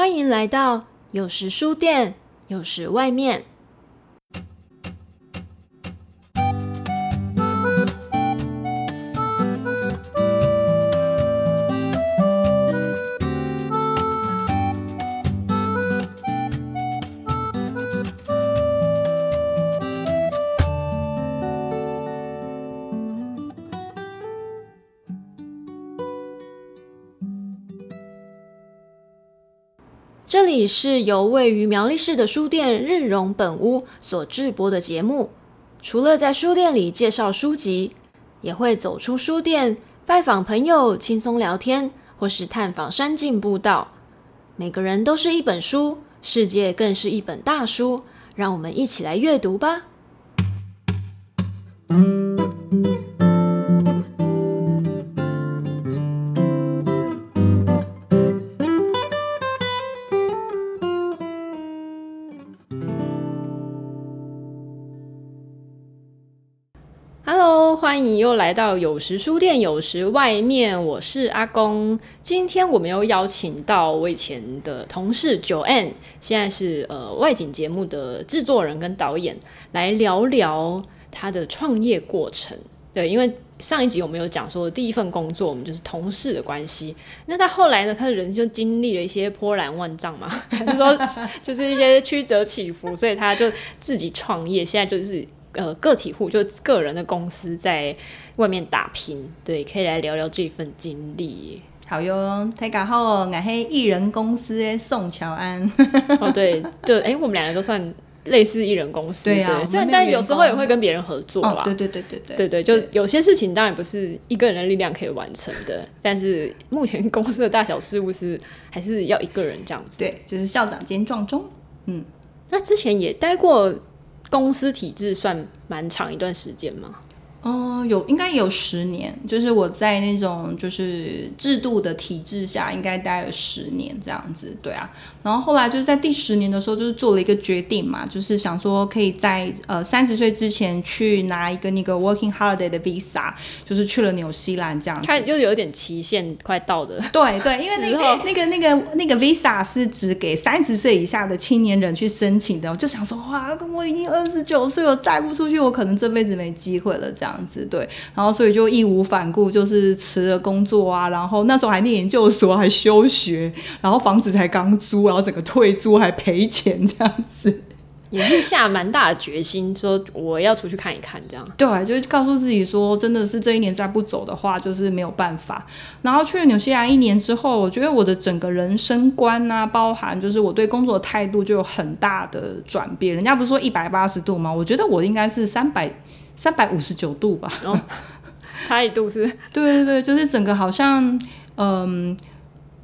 歡迎來到有時書店，有時外面。這裡是由位於苗栗市的書店日榮本屋所製播的節目。除了在書店裡介紹書籍，也會走出書店拜訪朋友，輕鬆聊天，或是探訪山徑步道。每個人都是一本書，世界更是一本大書。讓我們一起來閱讀吧。嗯 Hello，歡迎又來到有時書店，有時外面。我是阿公，今天我們又邀請到我以前的同事 Joan，現在是呃外景節目的製作人跟導演，來聊聊他的創業過程。對，因為上一集我們有講說第一份工作我們就是同事的關係，那到後來呢，他的人生經歷了一些波瀾萬丈嘛， 就是說就是一些曲折起伏，所以他就自己創業，現在就是。呃，個體戶就是個人的公司，在外面打拼，對，可以來聊聊這份經歷。好喲，大家好，我是一人公司宋喬安。 哦，對對，哎、欸，我們兩個都算類似一人公司，對啊，對雖然但有時候也會跟別人合作吧、哦，對對對對對，對對,對,對對，對對對就有些事情當然不是一個人的力量可以完成的，但是目前公司的大小事務是還是要一個人這樣子，對，就是校長兼撞鐘。嗯，那之前也待過。公司體制算蠻長一段時間嗎？哦、呃，有應該有十年，就是我在那種就是制度的體制下，應該待了十年這樣子，對啊。然後後來就是在第十年的時候，就是做了一個決定嘛，就是想說可以在呃三十歲之前去拿一個那一個 Working Holiday 的 visa，就是去了紐西蘭這樣子。看，就有點期限快到的。 對對，因為那個後那個那個那個 visa 是只給三十歲以下的青年人去申請的，我就想說哇，我已經二十九歲，我再不出去，我可能這輩子沒機會了這樣。樣子對，然後所以就義無反顧，就是辭了工作啊，然後那時候還念研究所，還休學，然後房子才剛租，然後整個退租還賠錢，這樣子也是下蠻大的決心， 說我要出去看一看，這樣對、啊，就是告訴自己說，真的是這一年再不走的話，就是沒有辦法。然後去了紐西蘭一年之後，我覺得我的整個人生觀啊，包含就是我對工作的態度就有很大的轉變。人家不是說一百八十度嗎？我覺得我應該是三百。三百五十九度吧，哦，差一度是？ 對對對，就是整個好像，嗯。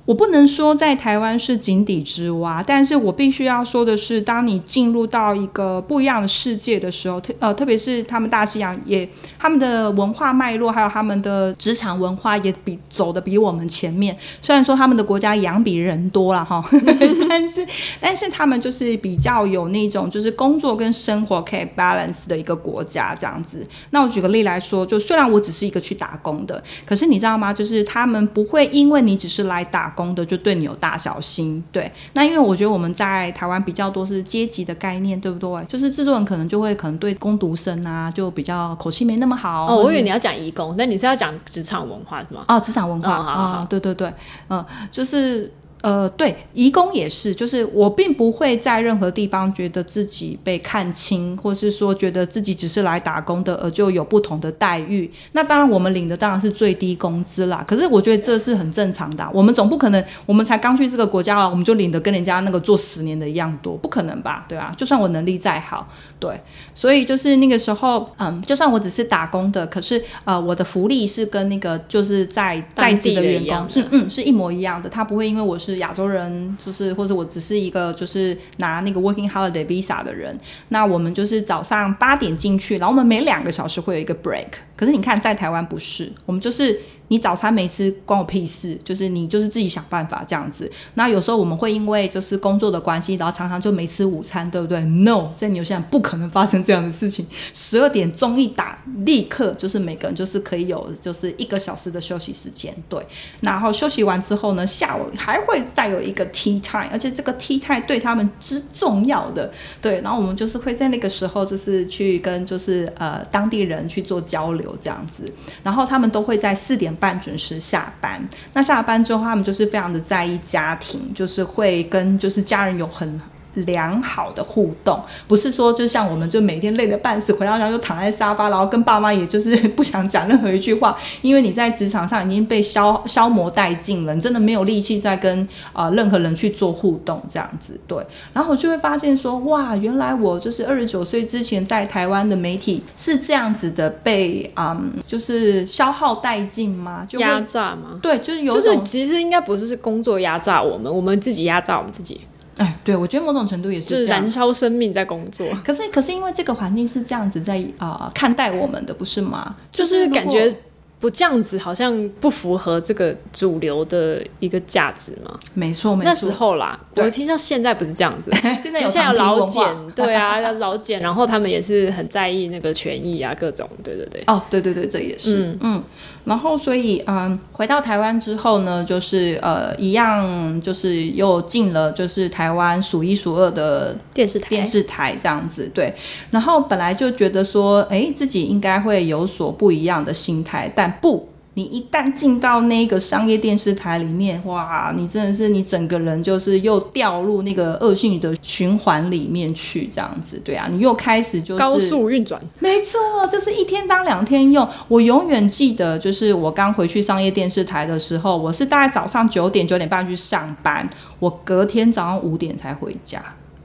我不能說在台灣是井底之蛙，但是我必須要說的是，當你進入到一個不一樣的世界的時候，特呃，特別是他們大西洋也，他們的文化脈絡還有他們的職場文化也比走得比我們前面。雖然說他們的國家羊比人多了哈，呵呵 但是但是他們就是比較有那種就是工作跟生活可以 balance 的一個國家這樣子。那我舉個例來說，就雖然我只是一個去打工的，可是你知道嗎？就是他們不會因為你只是來打工。工的就對你有大小心，對。那因為我覺得我們在台灣比較多是階級的概念，對不對？就是制作人可能就會可能對工讀生啊，就比較口氣沒那麼好。哦，我以為你要講義工，那是你是要講職場文化是嗎？哦，職場文化啊、哦呃，對對對，嗯、呃，就是。呃，對，義工也是，就是我並不會在任何地方覺得自己被看輕，或是說覺得自己只是來打工的，而就有不同的待遇。那當然，我們領的當然是最低工資啦。可是我覺得這是很正常的啊，我們總不可能，我們才剛去這個國家啊，我們就領的跟人家那個做十年的一樣多，不可能吧？對吧，啊？就算我能力再好，對，所以就是那個時候，嗯，就算我只是打工的，可是呃，我的福利是跟那個就是在在地的員工的是嗯，是一模一樣的，他不會因為我。就是亞洲人，就是或者我只是一個就是拿那個 Working Holiday Visa 的人，那我們就是早上八點進去，然後我們每兩個小時會有一個 break。可是你看，在台灣不是，我們就是。你早餐沒吃關我屁事，就是你就是自己想辦法這樣子。那有時候我們會因為就是工作的關係，然後常常就沒吃午餐，對不對？No，在紐西蘭不可能發生這樣的事情。十二點鐘一打，立刻就是每個人就是可以有就是一個小時的休息時間，對。然後休息完之後呢，下午還會再有一個 tea time，而且這個 tea time 對他們之重要的，對。然後我們就是會在那個時候就是去跟就是呃當地人去做交流這樣子，然後他們都會在四點半準時下班，那下班之後他們就是非常的在意家庭，就是會跟就是家人有很良好的互動，不是說就像我們就每天累得半死回，回到家就躺在沙發，然後跟爸媽也就是不想講任何一句話，因為你在職場上已經被消消磨殆盡了，你真的沒有力氣再跟啊、呃、任何人去做互動這樣子。對，然後我就會發現說，哇，原來我就是二十九歲之前在台灣的媒體是這樣子的被啊、嗯，就是消耗殆盡嗎？就壓榨嗎？對，就是有就是其實應該不是是工作壓榨我們，我們自己壓榨我們自己。哎，對，我覺得某種程度也是，燃燒生命在工作。可是，可是因為這個環境是這樣子在啊、呃、看待我們的，不是嗎？就是感覺不這樣子，好像不符合這個主流的一個價值嘛。沒錯，沒錯。那時候啦，我聽到現在不是這樣子，對現在，現在有勞檢， 有對啊，勞檢，然後他們也是很在意那個權益啊，各種，對對對。哦，對對對，這也是，嗯。嗯然後，所以，嗯，回到台灣之後呢，就是，呃，一樣，就是又進了，就是台灣數一數二的電視台，電視台這樣子。對，然後本來就覺得說，誒，自己應該會有所不一樣的心態，但不。你一旦進到那個商業電視台裡面，哇，你真的是你整個人就是又掉入那個惡性的循環裡面去，這樣子，對啊，你又開始就是高速運轉，沒錯，就是一天當兩天用。我永遠記得，就是我剛回去商業電視台的時候，我是大概早上九點九點半去上班，我隔天早上五點才回家。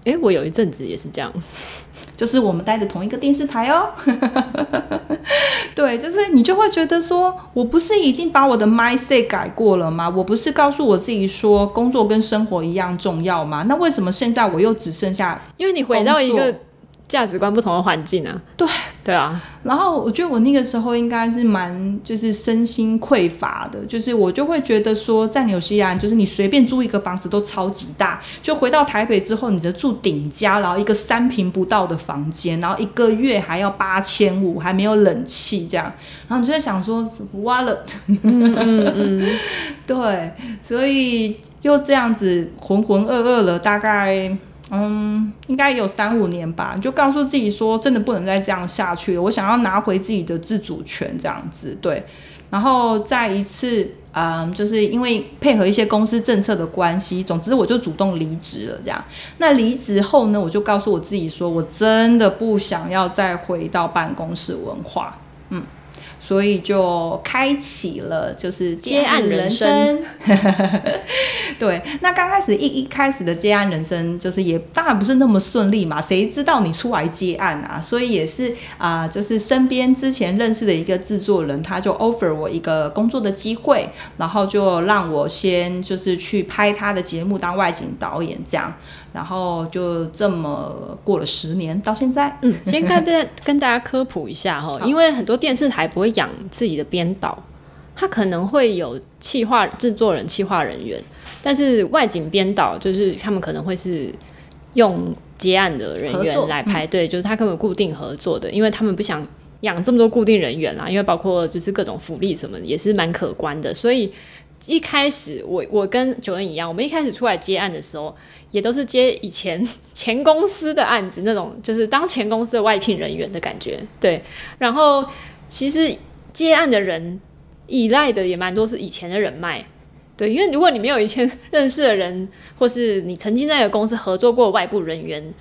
哎，我有一陣子也是這樣，就是我們待的同一個電視台哦。 對，就是你就會覺得說，我不是已經把我的 mindset 改過了嗎？我不是告訴我自己說工作跟生活一樣重要嗎？那為什麼現在我又只剩下？因為你回到一個價值觀不同的環境啊，對對啊然後我覺得我那個時候應該是蠻就是身心匱乏的，就是我就會覺得說，在紐西蘭就是你隨便租一個房子都超級大，就回到台北之後，你就住頂家，然後一個三坪不到的房間，然後一個月還要八千五，還沒有冷氣這樣，然後你就在想說，Wallet、嗯嗯嗯、 對，所以又這樣子渾渾噩噩了，大概。嗯，應該有三五年吧，就告訴自己說，真的不能再這樣下去了。我想要拿回自己的自主權，這樣子對。然後再一次，嗯，就是因為配合一些公司政策的關係，總之我就主動離職了。這樣，那離職後呢，我就告訴我自己說，我真的不想要再回到辦公室文化，嗯。所以就開啟了，就是接案人生。 對，那剛開始一一開始的接案人生，就是也當然不是那麼順利嘛。誰知道你出來接案啊？所以也是啊，呃，就是身邊之前認識的一個製作人，他就 offer 我一個工作的機會，然後就讓我先就是去拍他的節目當外景導演這樣。然後就這麼過了十年，到現在。嗯，先跟大家 跟大家科普一下哈，因為很多電視台不會養自己的編導，他可能會有企劃製作人、企劃人員，但是外景編導就是他們可能會是用接案的人員來排隊，作就是他可能固定合作的，因為他們不想。養這麼多固定人員啦，啊，因為包括就是各種福利什麼也是蠻可觀的，所以一開始我我跟 Joan 一樣，我們一開始出來接案的時候，也都是接以前前公司的案子，那種就是當前公司的外聘人員的感覺，對。然後其實接案的人依賴的也蠻多是以前的人脈，對，因為如果你沒有以前認識的人，或是你曾經在一個公司合作過外部人員，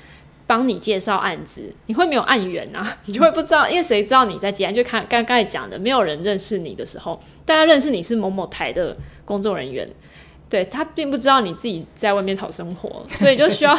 幫你介紹案子，你會沒有案源啊？你就會不知道，因為誰知道你在接案？就看剛剛才講的，沒有人認識你的時候，大家認識你是某某台的工作人員。對，他並不知道你自己在外面討生活，所以就需要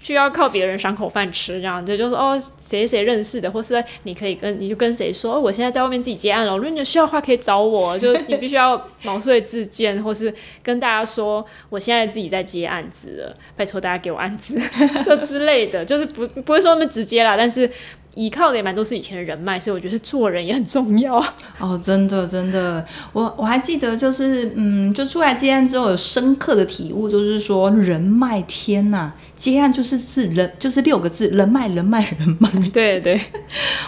需要靠別人賞口飯吃，這樣就就是、說哦，誰誰認識的，或是你可以跟你就跟誰說，哦，我現在在外面自己接案了，如果你有需要的話可以找我，就你必須要毛遂自薦，或是跟大家說我現在自己在接案子了，拜託大家給我案子，就之類的，就是不不會說那麼直接啦，但是。依靠的也蠻多是以前的人脈，所以我覺得做人也很重要哦，oh, 真的真的，我我還記得就是，嗯，就出來接案之後有深刻的體悟，就是說人脈天吶、啊，接案就是是人就是六個字，人脈人脈人脈，對對，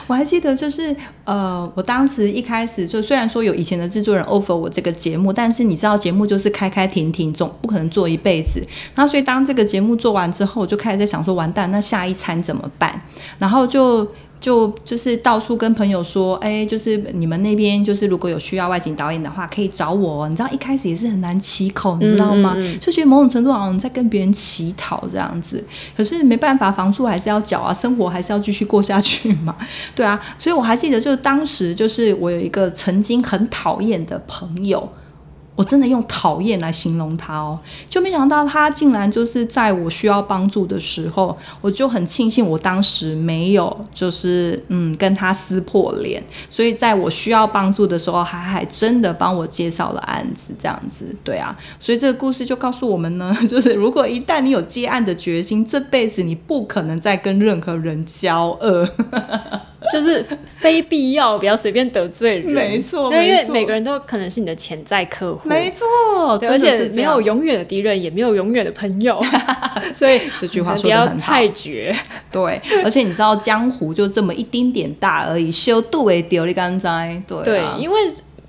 我還記得就是，呃，我當時一開始就雖然說有以前的製作人 offer 我這個節目，但是你知道節目就是開開停停，總不可能做一輩子，那所以當這個節目做完之後，我就開始在想說完蛋，那下一餐怎麼辦？然後就。就就是到處跟朋友說，哎，就是你們那邊就是如果有需要外景導演的話，可以找我哦。你知道一開始也是很難啟口，你知道嗎？嗯嗯。就覺得某種程度好像在跟別人乞討這樣子。可是沒辦法，房租還是要繳啊，生活還是要繼續過下去嘛。對啊，所以我還記得，就是當時就是我有一個曾經很討厭的朋友。我真的用討厭來形容他哦，就沒想到他竟然就是在我需要幫助的時候，我就很慶幸我當時沒有就是嗯跟他撕破臉，所以在我需要幫助的時候，他還真的幫我介紹了案子，這樣子對啊，所以這個故事就告訴我們呢，就是如果一旦你有接案的決心，這輩子你不可能再跟任何人交惡。 就是非必要，不要隨便得罪人。沒錯錯，因為每個人都可能是你的潛在客戶。沒錯錯，對而且沒有永遠的敵人，也沒有永遠的朋友。 所以這句話說的很太絕。對，而且你知道，江湖就這麼一丁點大而已，修度為丟你剛才對、啊、對，因為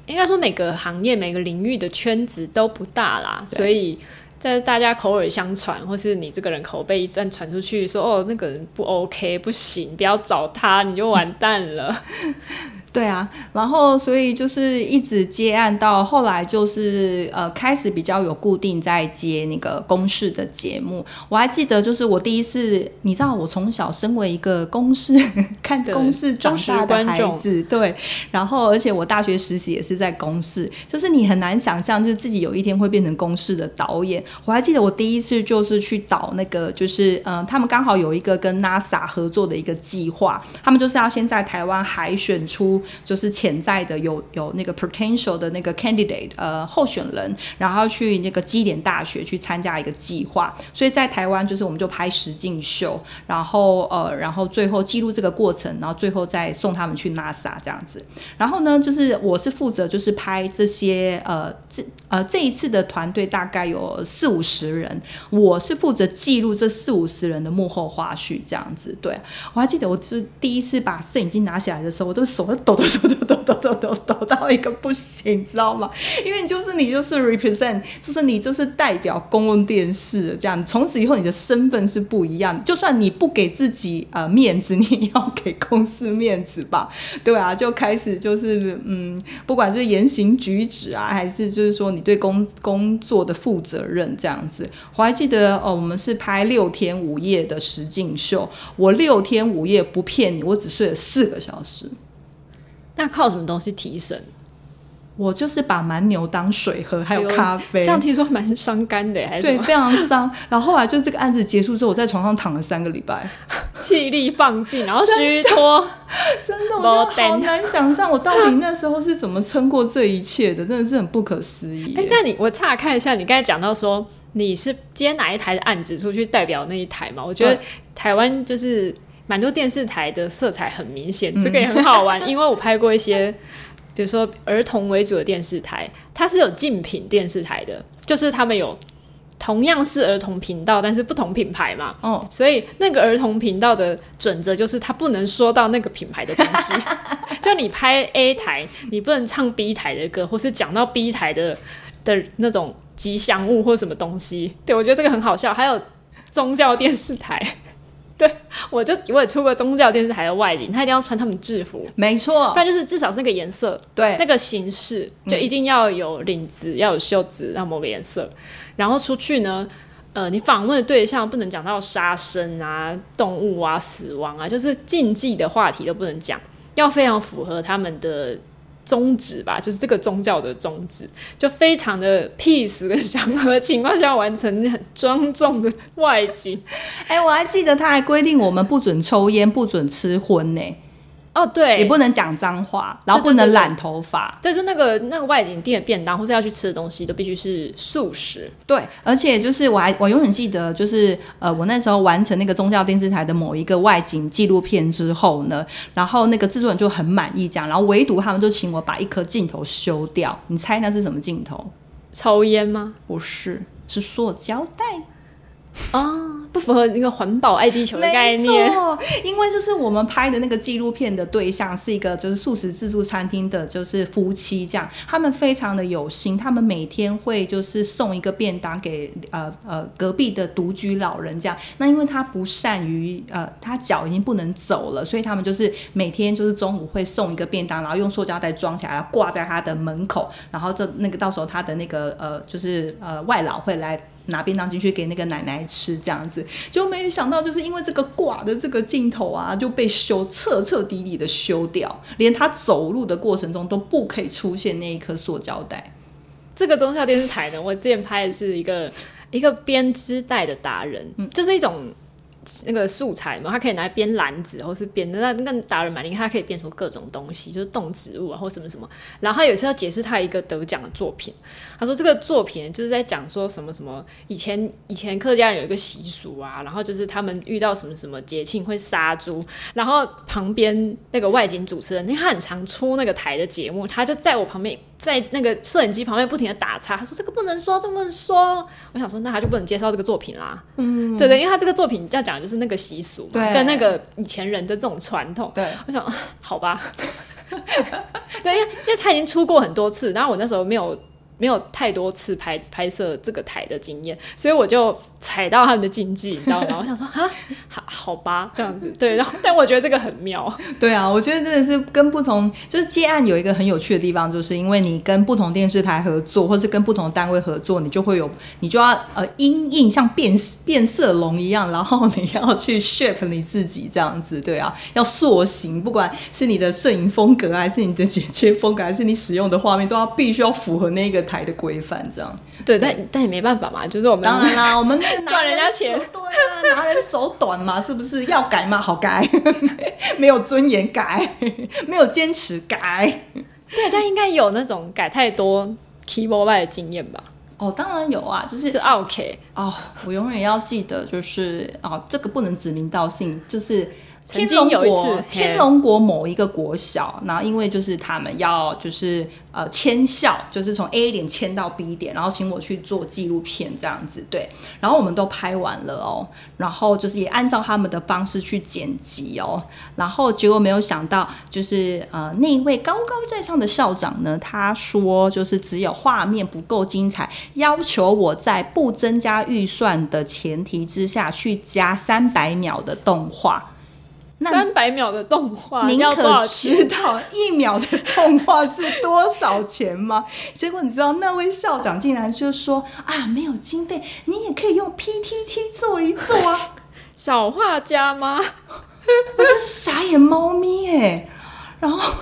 應該說每個行業、每個領域的圈子都不大啦，對所以。但是大家口耳相傳，或是你這個人口碑一旦傳出去說，說哦那個人不 OK，不行，不要找他，你就完蛋了。 對啊，然後所以就是一直接案到後來就是呃開始比較有固定在接那個公視的節目。我還記得就是我第一次，你知道我從小身為一個公視看公視長大的孩子，對。然後而且我大學實習也是在公視，就是你很難想象，就是自己有一天會變成公視的導演。我還記得我第一次就是去導那個，就是嗯、呃，他們剛好有一個跟 NASA 合作的一個計劃，他們就是要先在台灣海選出。就是潛在的有有那個 potential 的那個 candidate 呃，候選人，然後去那個基點大學去參加一個計劃，所以在台灣就是我們就拍實境秀，然後呃然後最後記錄這個過程，然後最後再送他們去 NASA 這樣子。然後呢，就是我是負責就是拍這些呃這呃這一次的團隊大概有四五十人，我是負責記錄這四五十人的幕後花絮這樣子。對我還記得，我是第一次把攝影機拿起來的時候，我都手都抖。抖抖抖抖抖抖抖到一個不行，你知道嗎？因為就是你就是 represent，就是你就是代表公共電視這樣。從此以後，你的身份是不一樣。就算你不給自己呃面子，你也要給公司面子吧？對啊，就開始就是嗯，不管就是言行舉止啊，還是就是說你對工工作的負責任這樣子。我還記得哦，我們是拍六天五夜的實境秀，我六天五夜不騙你，我只睡了四個小時。那靠什麼東西提神？我就是把蠻牛當水喝，還有咖啡。哎、這樣聽說蠻傷肝的還是，對，非常傷。 然後後來就這個案子結束之後，我在床上躺了三個禮拜，氣力放盡，然後虛脫 。真的，我覺得好難想象，我到底那時候是怎麼撐過這一切的，真的是很不可思議。哎、欸，那你我岔開一下，你剛才講到說你是接哪一台的案子出去代表那一台嗎？我覺得台灣就是。蠻多電視台的色彩很明顯，嗯、這個也很好玩，因為我拍過一些，比如說兒童為主的電視台，它是有競品電視台的，就是他們有同樣是兒童頻道，但是不同品牌嘛。哦。所以那個兒童頻道的準則就是它不能說到那個品牌的東西， 就你拍 A 台，你不能唱 B 台的歌，或是講到 B 台的的那種吉祥物或什麼東西。對，我覺得這個很好笑。還有宗教電視台。對，我就我也出過宗教電視台的外景，他一定要穿他們制服，沒錯，不然就是至少是那個顏色，對，那個形式就一定要有領子，嗯、要有袖子，那某個顏色，然後出去呢，呃，你訪問的對象不能講到殺生啊、動物啊、死亡啊，就是禁忌的話題都不能講，要非常符合他們的。宗旨吧，就是這個宗教的宗旨，就非常的 peace 的祥和情況下完成很莊重的外景。哎、欸，我還記得他還規定我們不准抽菸，不准吃葷呢。哦，對，也不能講髒話，然後不能染頭髮。對對對，對，就那個那個外景訂的便當或是要去吃的東西都必須是素食。對，而且就是我還我永遠記得，就是呃，我那時候完成那個宗教電視台的某一個外景紀錄片之後呢，然後那個制作人就很滿意，這樣，然後唯獨他們就請我把一顆鏡頭修掉，你猜那是什麼鏡頭？抽菸嗎？不是，是塑膠帶。啊，哦、不符合那個環保愛地球的概念。因為就是我們拍的那個紀錄片的對象是一個就是素食自助餐廳的，就是夫妻這樣，他們非常的有心，他們每天會就是送一個便當給呃呃隔壁的獨居老人這樣。那因為他不善於呃，他腳已經不能走了，所以他們就是每天就是中午會送一個便當，然後用塑膠袋裝起來，掛在他的門口，然後這那個到時候他的那個呃就是呃外勞會來。拿便當進去給那個奶奶吃，這樣子。就沒有想到，就是因為這個掛的這個鏡頭啊，就被修，徹徹底底的修掉，連他走路的過程中都不可以出現那一顆塑膠袋。這個中校電視台呢，我之前拍的是一個 一個編織袋的達人，嗯，就是一種。那個素材嘛，他可以拿來編籃子，或是編那那達人蠻厲害，他可以變出各種東西，就是動植物啊，或什麼什麼。然後他有時候要解釋他一個得獎的作品，他說這個作品就是在講說什麼什麼，以前以前客家人有一個習俗啊，然後就是他們遇到什麼什麼節慶會殺豬，然後旁邊那個外景主持人，因為他很常出那個臺的節目，他就在我旁邊。在那個攝影機旁邊不停地打岔，他說這個不能說這麼說。我想說，那他就不能介紹這個作品啦。嗯，對對，因為他這個作品要講的就是那個習俗嘛，對跟那個以前人的這種傳統。對，我想，好吧。 對，因為因為他已經出過很多次，然後我那時候沒有。沒有太多次拍拍攝這個台的經驗，所以我就踩到他們的禁忌，你知道嗎？我想說，哈，好，好吧，這樣子，對，然後但我覺得這個很妙，對啊，我覺得真的是跟不同，就是接案有一個很有趣的地方，就是因為你跟不同電視台合作，或是跟不同單位合作，你就會有，你就要呃，因應像變變色龍一樣，然後你要去 shape 你自己這樣子，對啊，要塑形，不管是你的攝影風格，還是你的剪接風格，還是你使用的畫面，都要必須要符合那個。台的規範這樣對，對但但也沒辦法嘛，就是我們當然啦，我們是賺人，人家錢，對啊，拿人手短嘛，是不是要改嘛？好改， 沒有尊嚴改，沒有堅持改，對，但應該有那種改太多 keyboard 的經驗吧？哦，當然有啊，就是就 OK，哦，我永遠要記得，就是哦，這個不能指名道姓，就是。曾經有一次，天龍國，嘿，天龍國某一個國小，然後因為就是他們要就是呃遷校，就是從 A 點遷到 B 點，然後請我去做紀錄片這樣子，對，然後我們都拍完了哦，然後就是也按照他們的方式去剪輯哦，然後結果沒有想到，就是呃那一位高高在上的校長呢，他說就是只有畫面不夠精彩，要求我在不增加預算的前提之下去加三百秒的動畫。三百那秒的動畫，您可知道一秒的動畫是多少錢嗎？ 結果你知道那位校長竟然就說啊，沒有經費，你也可以用 PTT 做一做啊，小畫家嗎？我是傻眼貓咪哎、欸。然後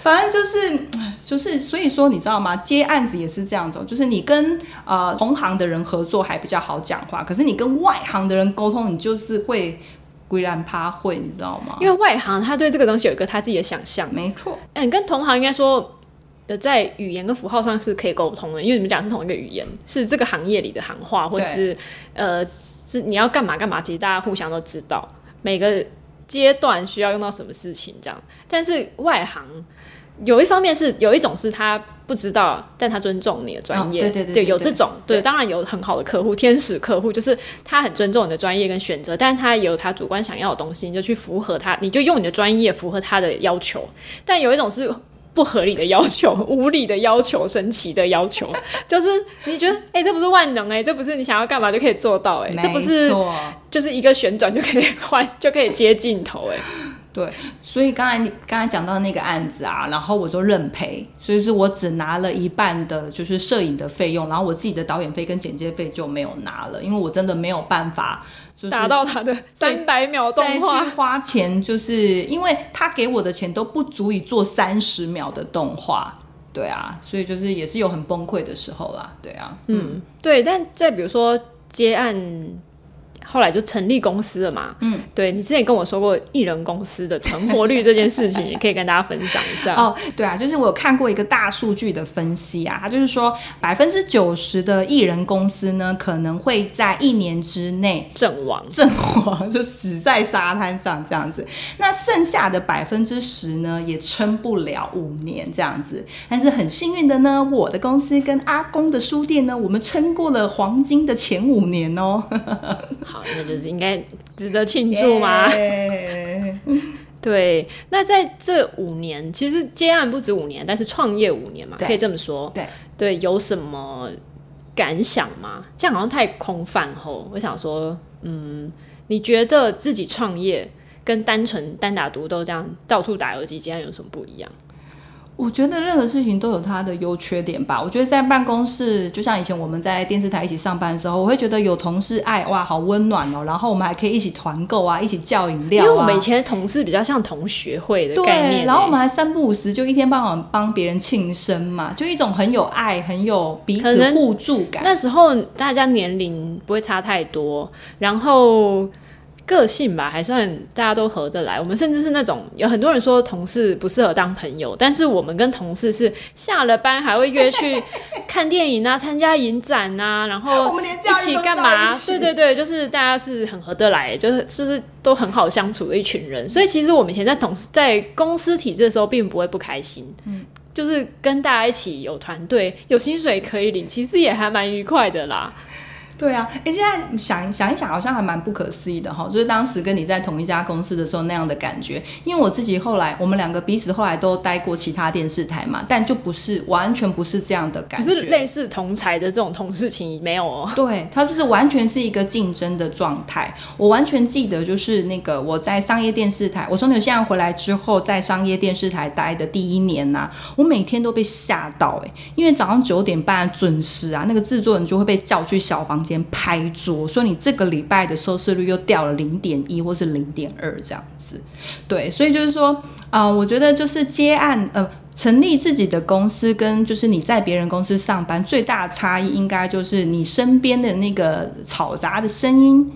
反正就是就是，所以說你知道嗎？接案子也是這樣子，就是你跟啊、呃、同行的人合作還比較好講話，可是你跟外行的人溝通，你就是會。固然怕會，你知道嗎？因為外行，他對這個東西有一個他自己的想象。沒錯錯、欸，跟同行應該說，呃，在語言跟符號上是可以溝通的，因為你們講是同一個語言，嗯、是這個行業裡的行話，或是對呃，是你要幹嘛幹嘛，其實大家互相都知道每個階段需要用到什麼事情這樣。但是外行。有一方面是有一種是他不知道，但他尊重你的專業、哦，對對對，對，對，有這種對，對當然有很好的客戶，對天使客戶，就是他很尊重你的專業跟選擇，但是他也有他主觀想要的東西，你就去符合他，你就用你的專業符合他的要求。但有一種是不合理的要求， 無理的要求，神奇的要求，就是你覺得哎，欸，這不是萬能哎，欸，這不是你想要幹嘛就可以做到哎，欸，錯這不是就是一個旋轉就可以換就可以接鏡頭哎、欸。對，所以剛才你剛才講到那個案子啊，然後我就認賠，所以是我只拿了一半的，就是攝影的費用，然後我自己的導演費跟剪接費就沒有拿了，因為我真的沒有辦法就是達到他的三百秒動畫，花錢就是因為他給我的錢都不足以做三十秒的動畫。對啊，所以就是也是有很崩潰的時候啦，對啊，嗯，嗯對，但在比如說接案。後來就成立公司了嘛。嗯，對，你之前跟我說過一人公司的存活率這件事情，也可以跟大家分享一下。 哦，對啊，就是我有看過一個大數據的分析啊，他就是說百分之九十的一人公司呢，可能會在一年之內陣亡，陣亡，陣亡就死在沙灘上這樣子。那剩下的百分之十呢，也撐不了五年這樣子。但是很幸運的呢，我的公司跟阿公的書店呢，我們撐過了黃金的前五年哦、喔。 那就是應該值得慶祝嗎？Yeah 對，那在這五年，其實接案不止五年，但是創業五年嘛，對可以這麼說。對，對有什麼感想嗎？這樣好像太空泛了。吼我想說，嗯，你覺得自己創業跟單純單打獨鬥這樣到處打游擊，接案有什麼不一樣？我覺得任何事情都有它的優缺點吧。我覺得在辦公室，就像以前我們在電視台一起上班的時候，我會覺得有同事愛哇，好溫暖哦、喔。然後我們還可以一起團購啊，一起叫飲料啊。因為我們以前的同事比較像同學會的、欸、對然後我們還三不五時就一天傍晚幫別人慶生嘛，就一種很有愛、很有彼此互助感。那時候大家年齡不會差太多，然後。個性吧，還算大家都合得來。我們甚至是那種有很多人說同事不適合當朋友，但是我們跟同事是下了班還會約去看電影啊，參 加影展啊，然後一起幹嘛？對對對，就是大家是很合得來，就是就是都很好相處的一群人。所以其實我們以前在同事在公司體制的時候，並不會不開心。嗯，就是跟大家一起有團隊，有薪水可以領，其實也還蠻愉快的啦。對啊，哎、欸，現在想想一想，好像還蠻不可思議的哈。就是當時跟你在同一家公司的時候那樣的感覺，因為我自己後來，我們兩個彼此後來都待過其他電視台嘛，但就不是完全不是這樣的感覺，可是類似同台的這種同事情沒有。哦，對，他就是完全是一個競爭的狀態。我完全記得，就是那個我在商業電視台，我從紐西蘭回來之後，在商業電視台待的第一年啊，我每天都被嚇到哎、欸，因為早上九點半準時啊，那個制作人就會被叫去小房間。拍桌說：“所以你這個禮拜的收視率又掉了零點一，或是零點二這樣子，對，所以就是說，啊、呃，我覺得就是接案，呃，成立自己的公司跟就是你在別人公司上班，最大的差異應該就是你身邊的那個嘈雜的聲音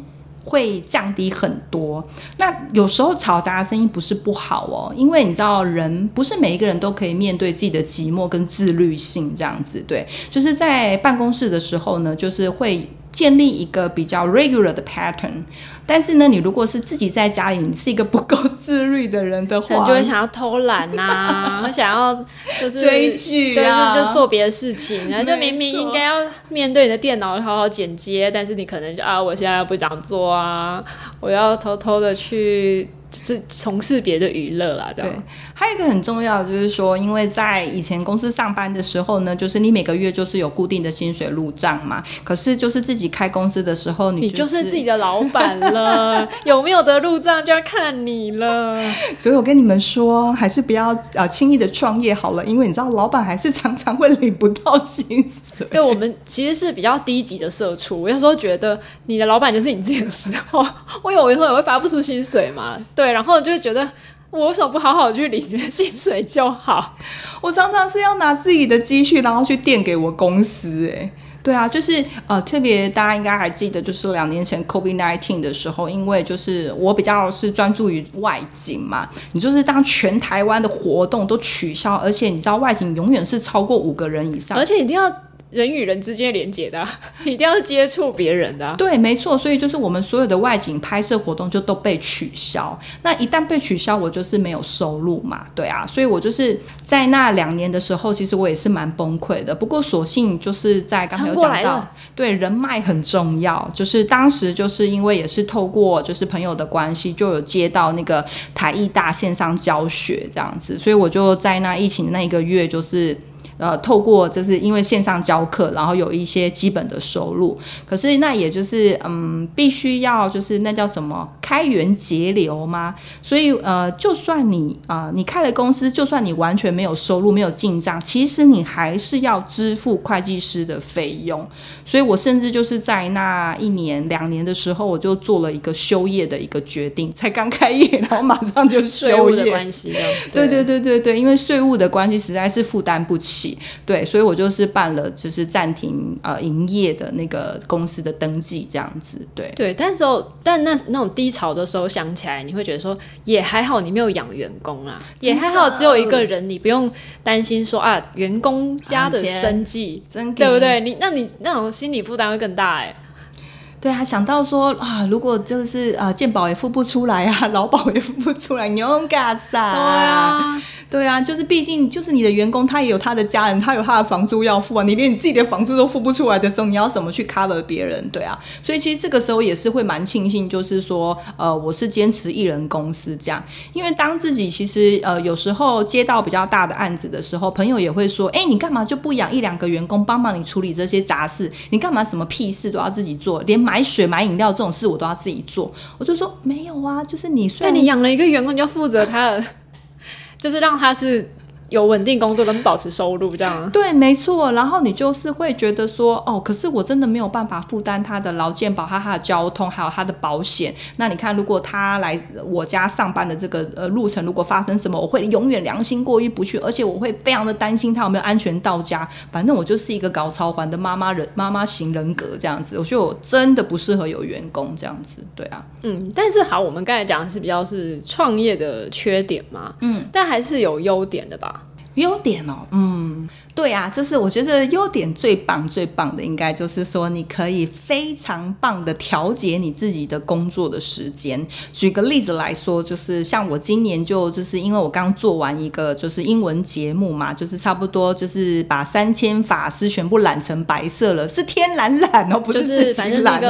會降低很多。那有時候嘈雜的聲音不是不好哦，因為你知道人，人不是每一個人都可以面對自己的寂寞跟自律性這樣子，對，就是在辦公室的時候呢，就是會。”建立一個比較 regular 的 pattern，但是呢，你如果是自己在家裡，你是一個不夠自律的人的話，就會想要偷懶啊， 想要就是追劇、啊，啊就，就做別的事情，然後就明明應該要面對你的電腦好好剪接，沒錯。但是你可能就啊，我現在不想做啊，我要偷偷的去。就是從事別的娛樂啦，這樣。還有一個很重要的就是說，因為在以前公司上班的時候呢，就是你每個月就是有固定的薪水入賬嘛。可是就是自己開公司的時候你、就是，你就是自己的老板了， 有沒有得入賬就要看你了。所以我跟你們說，還是不要啊呃、輕易的創業好了，因為你知道老板還是常常會領不到薪水。對我們其實是比較低級的社畜，我有時候覺得你的老板就是你自己的時候， 我有時候也會發不出薪水嘛。對，然後就覺得我為什麼不好好去領薪水就好？我常常是要拿自己的積蓄，然後去墊給我公司、欸。哎，對啊，就是呃，特別大家應該還記得，就是兩年前 COVID-19 的時候，因為就是我比較是專注於外景嘛，你就是當全台灣的活動都取消，而且你知道外景永遠是超過五個人以上，而且一定要。人與人之間連接的、啊，一定要接觸別人的、啊。對，沒錯，所以就是我們所有的外景拍攝活動就都被取消。那一旦被取消，我就是沒有收入嘛，對啊，所以我就是在那兩年的時候，其實我也是蠻崩潰的。不過，索性就是在剛才有講到，對，人脈很重要。就是當時就是因為也是透過就是朋友的關係，就有接到那個台藝大線上教學這樣子，所以我就在那疫情那一個月就是。呃，透過就是因為線上教課，然後有一些基本的收入。可是那也就是，嗯，必須要就是那叫什麼開源節流嗎？所以呃，就算你啊、呃，你開了公司，就算你完全沒有收入，沒有進賬，其實你還是要支付會計師的費用。所以我甚至就是在那一年兩年的時候，我就做了一個休業的一個決定，才剛開業，然後馬上就休業。稅務的關係，對對對對對，因為稅務的關係實在是負擔不起。對，所以我就是辦了，就是暫停呃營業的那個公司的登記這樣子。對，對，但時候但那那種低潮的時候想起來，你會覺得說也還好，你沒有養員工啊，的也還好，只有一個人，你不用擔心說啊員工家的生計，真、啊、對不對？的你那你那種心理負擔會更大哎、欸。對啊，想到說啊，如果就是啊，健保也付不出來啊，勞保也付不出來，你用幹啥？對啊。對啊，就是畢竟就是你的員工，他也有他的家人，他有他的房租要付啊。你連你自己的房租都付不出來的時候，你要怎麼去 cover 別人？對啊，所以其實這個時候也是會蠻慶幸，就是說，呃，我是堅持一人公司這樣，因為當自己其實呃有時候接到比較大的案子的時候，朋友也會說，哎，你幹嘛就不養一兩個員工幫忙你處理這些雜事？你幹嘛什麼屁事都要自己做？連買水買飲料這種事我都要自己做？我就說沒有啊，就是你，但你養了一個員工，你要負責他的。 就是讓他是。有穩定工作跟保持收入這樣， 對，沒錯。然後你就是會覺得說，哦，可是我真的沒有辦法負擔他的勞健保、還有他的交通，還有他的保險。那你看，如果他來我家上班的這個呃路程，如果發生什麼，我會永遠良心過意不去，而且我會非常的擔心他有沒有安全到家。反正我就是一個搞操煩的媽媽人，媽媽型人格這樣子，我覺得我真的不適合有員工這樣子。對啊，嗯，但是好，我們剛才講的是比較是創業的缺點嘛，嗯，但還是有優點的吧。優點呢，哦，嗯。對啊，就是我覺得優點最棒，最棒的，應該就是說你可以非常棒的調節你自己的工作的時間。舉個例子來說，就是像我今年就就是因為我剛做完一個就是英文節目嘛，就是差不多就是把三千髮絲全部染成白色了，是天然染哦，不是自己染，就是反正是一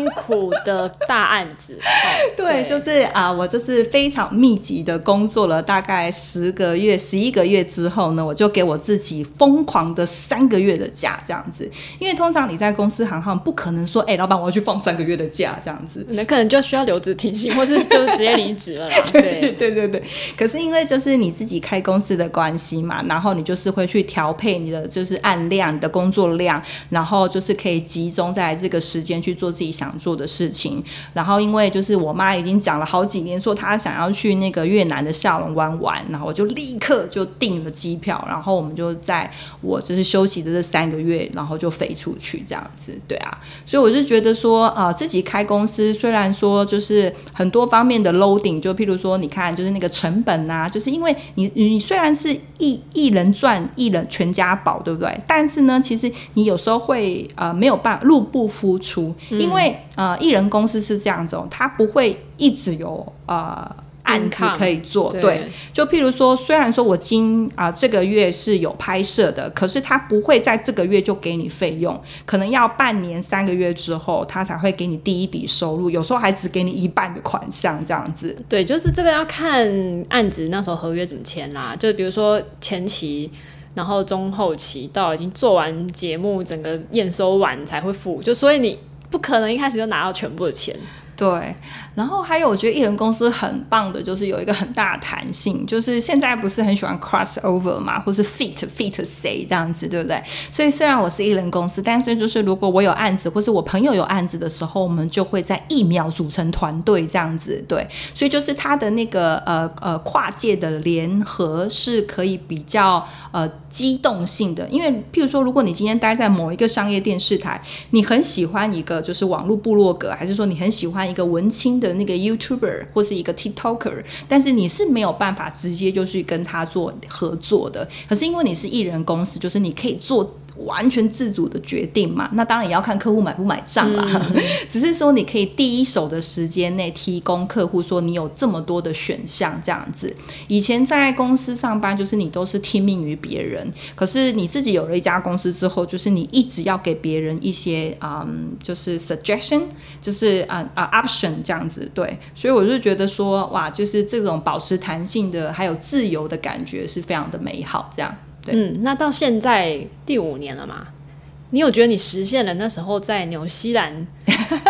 個艱苦的大案子。 oh, 對，對，就是啊，我這是非常密集的工作了，大概十個月、十一個月之後呢，我就給我自己瘋狂的三個月的假這樣子，因為通常你在公司行行不可能說，哎、欸，老闆我要去放三個月的假這樣子，那可能就需要留職停薪，或是就直接離職了 對，對對對對，可是因為就是你自己開公司的關係嘛，然後你就是會去調配你的就是案量你的工作量，然後就是可以集中在這個時間去做自己想做的事情。然後因為就是我媽已經講了好幾年，說她想要去那個越南的下龍灣玩，然後我就立刻就訂了機票，然後我們就。在我就是休息的這三個月，然後就飛出去這樣子，對啊，所以我就覺得說，呃，自己開公司雖然說就是很多方面的 loading，就譬如說，你看就是那個成本啊，就是因為你你雖然是一一人賺一人全家寶，對不對？但是呢，其實你有時候會呃沒有辦法入不敷出，嗯、因為呃一人公司是這樣子，他不會一直有呃。案子可以做，對，對，就譬如說，雖然說我今啊、呃、這個月是有拍攝的，可是他不會在這個月就給你費用，可能要半年三個月之後，他才會給你第一筆收入，有時候還只給你一半的款項這樣子。對，就是這個要看案子那時候合約怎麼簽啦，就比如說前期，然後中後期到已經做完節目，整個驗收完才會付，就所以你不可能一開始就拿到全部的錢。對，然後還有我覺得一人公司很棒的就是有一個很大的彈性，就是現在不是很喜歡 crossover 嘛，或是 feat feat 誰這樣子，對不對？所以雖然我是一人公司，但是就是如果我有案子，或是我朋友有案子的時候，我們就會在一秒組成團隊這樣子，對。所以就是他的那個呃呃跨界的聯合是可以比較呃機動性的，因為譬如說，如果你今天待在某一個商業電視台，你很喜歡一個就是網絡部落格，還是說你很喜歡。一個文青的那個 YouTuber 或是一個 TikToker，但是你是沒有辦法直接就去跟他做合作的。可是因為你是一人公司，就是你可以做。完全自主的決定嘛，那當然也要看客戶買不買賬啦。嗯、只是說你可以第一手的時間內提供客戶說你有這麼多的選項這樣子。以前在公司上班就是你都是聽命於別人，可是你自己有了一家公司之後，就是你一直要給別人一些啊、嗯，就是 suggestion，就是啊啊、uh, uh, option 這樣子。對，所以我就覺得說哇，就是這種保持彈性的還有自由的感覺是非常的美好這樣。對嗯，那到現在第五年了嘛，你有覺得你實現了那時候在紐西蘭，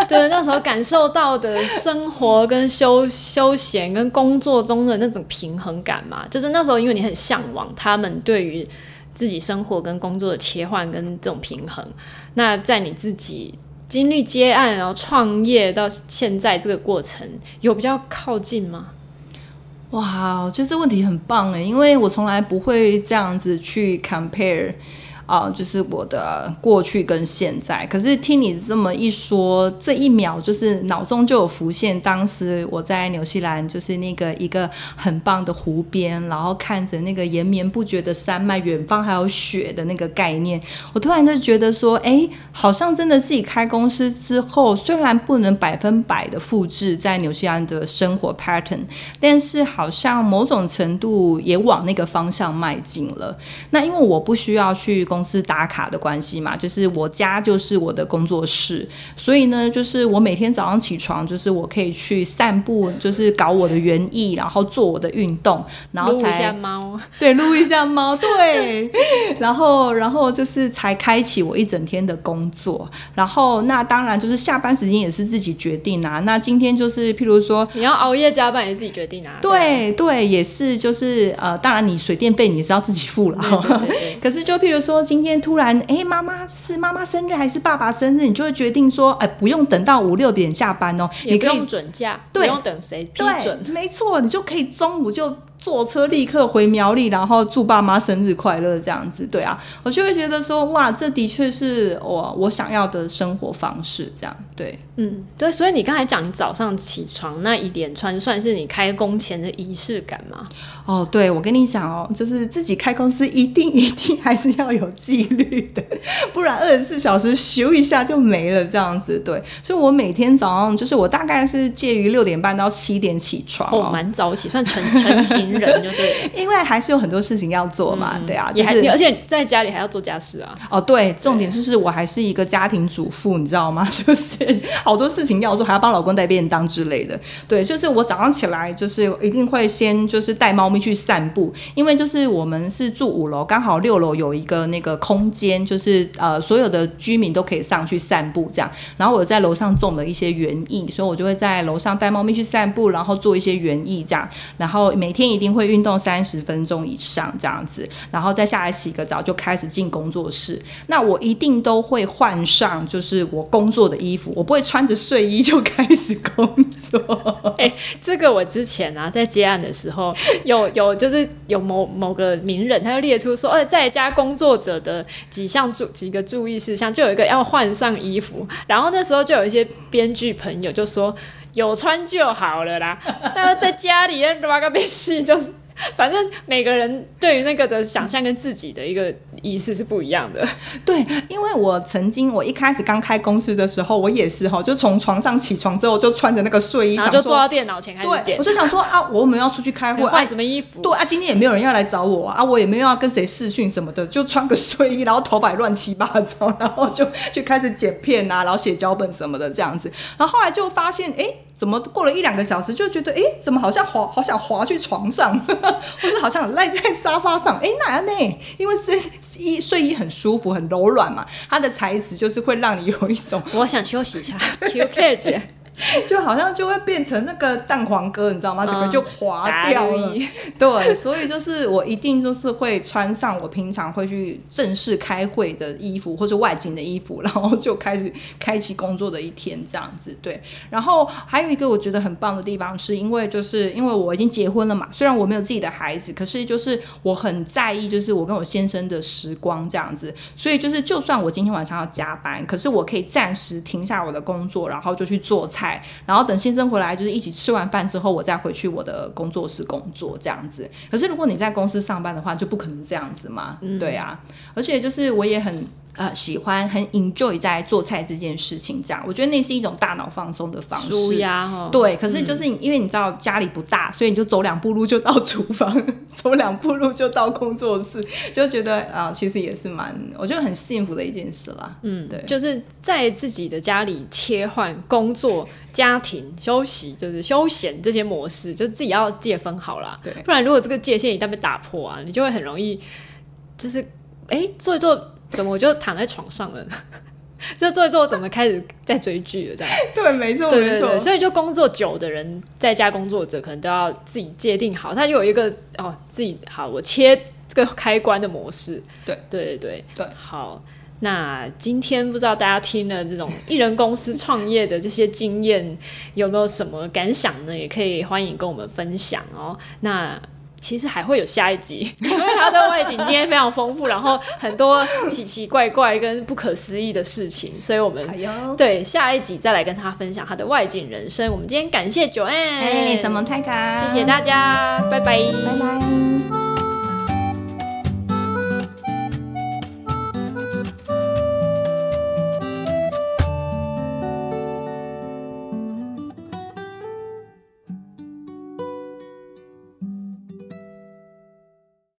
對，那時候感受到的生活跟休休閒跟工作中的那種平衡感嗎？就是那時候因為你很向往他們對於自己生活跟工作的切換跟這種平衡，那在你自己經歷接案然後創業到現在這個過程，有比較靠近嗎？哇，我覺得這問題很棒誒，因為我從來不會這樣子去 compare。啊，uh, 就是我的過去跟現在。可是聽你這麼一說，這一秒就是腦中就有浮現，當時我在紐西蘭，就是那個一個很棒的湖邊，然後看着那個延綿不絕的山脈，遠方還有雪的那個概念。我突然就覺得說，哎、欸，好像真的自己開公司之後，雖然不能百分百的複制在紐西蘭的生活 pattern，但是好像某種程度也往那個方向邁進了。那因為我不需要去公司。公司打卡的關係嘛，就是我家就是我的工作室，所以呢，就是我每天早上起床，就是我可以去散步，就是搞我的園藝，然後做我的運動，然後擼一下貓，對，擼一下貓， 對，然後然後就是才開啟我一整天的工作，然後那當然就是下班時間也是自己決定啊。那今天就是譬如說，你要熬夜加班也自己決定啊。對對，對，對，也是就是呃，當然你水電費你是要自己付了，對對對對對，可是就譬如說。今天突然，哎、欸，媽媽是媽媽生日還是爸爸生日？你就會決定說，哎、欸，不用等到五六點下班哦、喔，不用，你可以准假，對，不用等誰對，批准，沒錯，你就可以中午就。坐車立刻回苗栗，然後祝爸媽生日快樂，這樣子，對啊，我就會覺得說，哇，這的確是我我想要的生活方式，這樣，對，嗯，對，所以你剛才講你早上起床那一點穿算是你開工前的儀式感嗎？哦，對，我跟你講哦，就是自己開公司一定一定還是要有紀律的，不然二十四小時咻一下就沒了，這樣子，對，所以我每天早上就是我大概是介於六點半到七點起床，哦，蠻、哦、早起，算成成型的。 人就對，因為還是有很多事情要做嘛，嗯、對啊，就是你還你而且在家裡還要做家事啊。哦，對，重點就是我還是一個家庭主婦，對你知道嗎？就是好多事情要做，還要幫老公帶便當之類的。對，就是我早上起來就是一定會先就是帶貓咪去散步，因為就是我們是住五樓，剛好六樓有一個那個空間，就是呃所有的居民都可以上去散步這樣。然後我在樓上種了一些園藝，所以我就會在樓上帶貓咪去散步，然後做一些園藝這樣，然後每天一。一定會運動三十分鐘以上這樣子，然後再下來洗個澡，就開始進工作室。那我一定都會換上，就是我工作的衣服，我不會穿着睡衣就開始工作。欸，這個我之前啊，在接案的時候，有有就是有某某個名人，他就列出說，哎、啊，在家工作者的幾項注幾個注意事項，就有一個要換上衣服。然後那時候就有一些編劇朋友就說。.有穿就好了啦，但是在家裡那個被洗就是。反正每個人對於那個的想象跟自己的一個意思是不一樣的。對，因為我曾經我一開始剛開公司的時候，我也是哈，就從床上起床之後就穿着那個睡衣，想就坐到電腦前開始剪。對 我就想說啊，我沒有要出去開會，換、欸、什麼衣服？啊對啊，今天也沒有人要來找我啊，我也沒有要跟誰視訊什麼的，就穿個睡衣，然後頭髮亂七八糟，然後就就開始剪片啊，然後寫腳本什麼的這樣子。然後後來就發現，哎、欸，怎麼過了一兩個小時就覺得，哎、欸，怎麼好像滑，好想滑去床上。我就好像賴在沙發上，哎、欸，那樣呢？因為睡衣睡衣很舒服，很柔軟嘛。它的材質就是會讓你有一種，我想休息一下，QK 姐。 就好像就會變成那個蛋黃哥，你知道嗎？整個就滑掉了。哦、 對，所以就是我一定就是會穿上我平常會去正式開會的衣服，或者外景的衣服，然後就開始開啟工作的一天這樣子。對，然後還有一個我覺得很棒的地方，是因為就是因為我已經結婚了嘛，雖然我沒有自己的孩子，可是就是我很在意就是我跟我先生的時光這樣子，所以就是就算我今天晚上要加班，可是我可以暫時停下我的工作，然後就去做菜。然後等先生回來，就是一起吃完飯之後，我再回去我的工作室工作這樣子。可是如果你在公司上班的話，就不可能這樣子嘛。嗯、對啊，而且就是我也很。呃，喜歡很 enjoy 在做菜這件事情，這樣我覺得那是一種大腦放鬆的方式。哦、對，可是就是、嗯、因為你知道家裡不大，所以你就走兩步路就到廚房，走兩步路就到工作室，就覺得啊、呃，其實也是蠻我覺得很幸福的一件事啦。嗯，對，就是在自己的家裡切換工作、家庭、休息，就是休閒這些模式，就自己要界分好了。對，不然如果這個界限一旦被打破啊，你就會很容易就是哎做一做。怎麼我就躺在床上了？ 就做一做，怎麼開始在追劇了？這樣 對，沒錯，對，沒錯。所以就工作久的人，在家工作者可能都要自己界定好，他有一個哦，自己好，我切這個開關的模式。對對對對，對。好。那今天不知道大家聽了這種一人公司創業的這些經驗， 有沒有什麼感想呢？也可以歡迎跟我們分享哦。那。其實還會有下一集，因為他的外景經驗非常豐富， 然後很多奇奇怪怪跟不可思議的事情，所以我們、哎、喲對，下一集再來跟他分享他的外景人生。我們今天感謝 Joan 哎，什麼太高，謝謝大家，拜拜，拜拜。